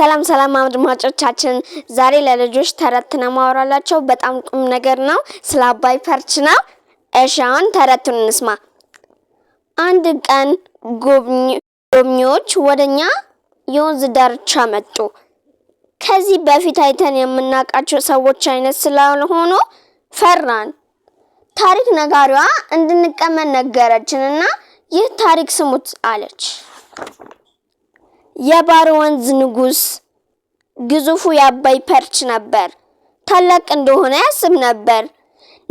ሰላም ሰላም አድማጮቻችን፣ ዛሬ ለልጆች ተረትነ ማወራላቸው በጣም ቁም ነገር ነው። ስለ አባይ ፐርች ነው። እሺ አሁን ተረቱን እንስማ። አንድ ቀን ጎብኚዎች ወደኛ የወንዝ ዳርቻ መጡ። ከዚህ በፊት አይተን የምናውቃቸው ሰዎች አይነት ስላልሆኑ ፈራን። ታሪክ ነጋሪዋ እንድንቀመን ነገረችን እና ይህ ታሪክ ስሙት አለች። የባር ወንዝ ንጉስ ግዙፉ የአባይ ፐርች ነበር። ታላቅ እንደሆነ ያስብ ነበር፣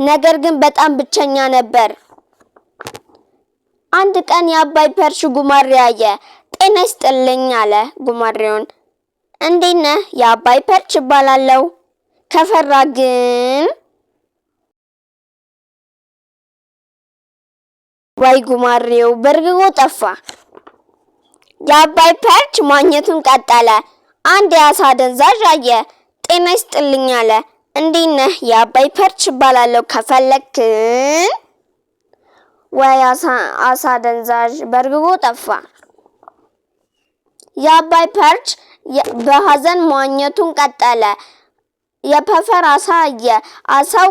ነገር ግን በጣም ብቸኛ ነበር። አንድ ቀን የአባይ ፐርች ጉማሬ አየ። ጤና ይስጥልኝ አለ ጉማሬውን። እንዴት ነህ? የአባይ ፐርች እባላለሁ። ከፈራ ግን ዋይ ጉማሬው በርግጎ ጠፋ። የአባይ ፐርች ማግኘቱን ቀጠለ። አንድ የአሳ አደንዛዥ አየ። ጤና ይስጥልኝ አለ። እንዴት ነህ? የአባይ ፐርች እባላለሁ። ከፈለክን ወይ አሳ ደንዛዥ በርግጎ ጠፋ። የአባይ ፐርች በሀዘን መዋኘቱን ቀጠለ። የፐፈር አሳ አየ። አሳው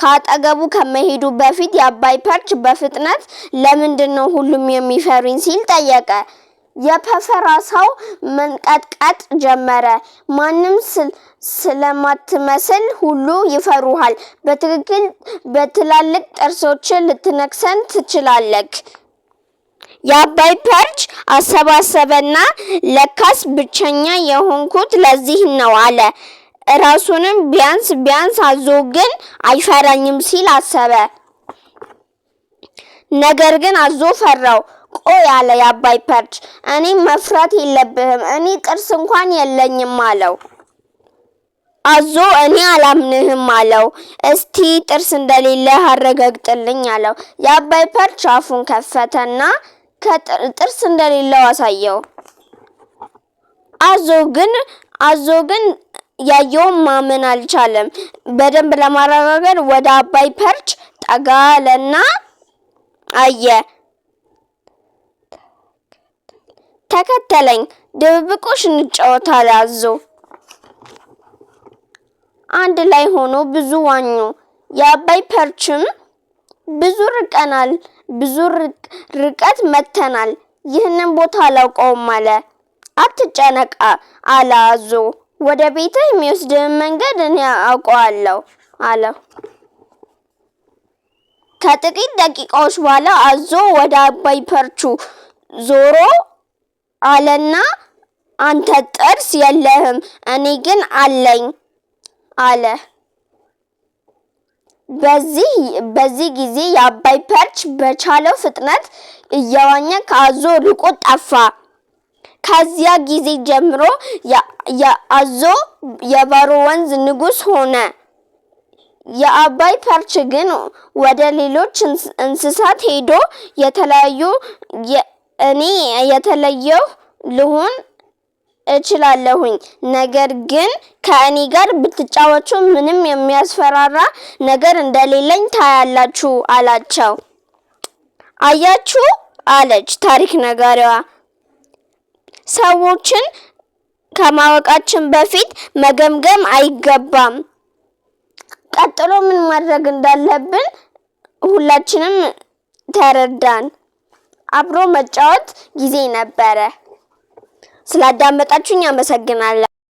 ከአጠገቡ ከመሄዱ በፊት የአባይ ፐርች በፍጥነት ለምንድን ነው ሁሉም የሚፈሩኝ ሲል ጠየቀ። የፐፈራ ሰው መንቀጥቀጥ ጀመረ። ማንም ስለማትመስል ሁሉ ይፈሩሃል። በትክክል በትላልቅ ጥርሶች ልትነክሰን ትችላለህ። የአባይ ፐርች አሰባሰበና ለካስ ብቸኛ የሆንኩት ለዚህ ነው አለ። እራሱንም ቢያንስ ቢያንስ አዞ ግን አይፈራኝም ሲል አሰበ። ነገር ግን አዞ ፈራው። ቆ ያለ የአባይ ፐርች እኔ መፍራት የለብህም እኔ ቅርስ እንኳን የለኝም አለው። አዞ እኔ አላምንህም አለው። እስቲ ጥርስ እንደሌለ አረጋግጥልኝ አለው። የአባይ ፐርች አፉን ከፈተና ጥርስ እንደሌለው አሳየው። አዞ ግን አዞ ግን ያየውን ማመን አልቻለም። በደንብ ለማረጋገጥ ወደ አባይ ፐርች ጠጋ አለና አየ። ተከተለኝ፣ ድብብቆሽ እንጫወት አለ አዞ። አንድ ላይ ሆኖ ብዙ ዋኙ። የአባይ ፐርችም ብዙ ርቀናል፣ ብዙ ርቀት መተናል፣ ይህንን ቦታ አላውቀውም አለ። አትጨነቃ አለ አዞ። ወደ ቤተ የሚወስድህን መንገድ እኔ አውቀዋለሁ አለ። ከጥቂት ደቂቃዎች በኋላ አዞ ወደ አባይ ፐርቹ ዞሮ አለና አንተ ጥርስ የለህም እኔ ግን አለኝ አለ። በዚህ በዚህ ጊዜ የአባይ ፐርች በቻለው ፍጥነት እየዋኘ ከአዞ ርቆ ጠፋ። ከዚያ ጊዜ ጀምሮ የአዞ የባሮ ወንዝ ንጉስ ሆነ። የአባይ ፐርች ግን ወደ ሌሎች እንስሳት ሄዶ የተለያዩ እኔ የተለየው ልሆን እችላለሁኝ ነገር ግን ከእኔ ጋር ብትጫወቹ ምንም የሚያስፈራራ ነገር እንደሌለኝ ታያላችሁ አላቸው። አያችሁ አለች ታሪክ ነጋሪዋ። ሰዎችን ከማወቃችን በፊት መገምገም አይገባም። ቀጥሎ ምን ማድረግ እንዳለብን ሁላችንም ተረዳን። አብሮ መጫወት ጊዜ ነበረ። ስላዳመጣችሁኝ አመሰግናለሁ።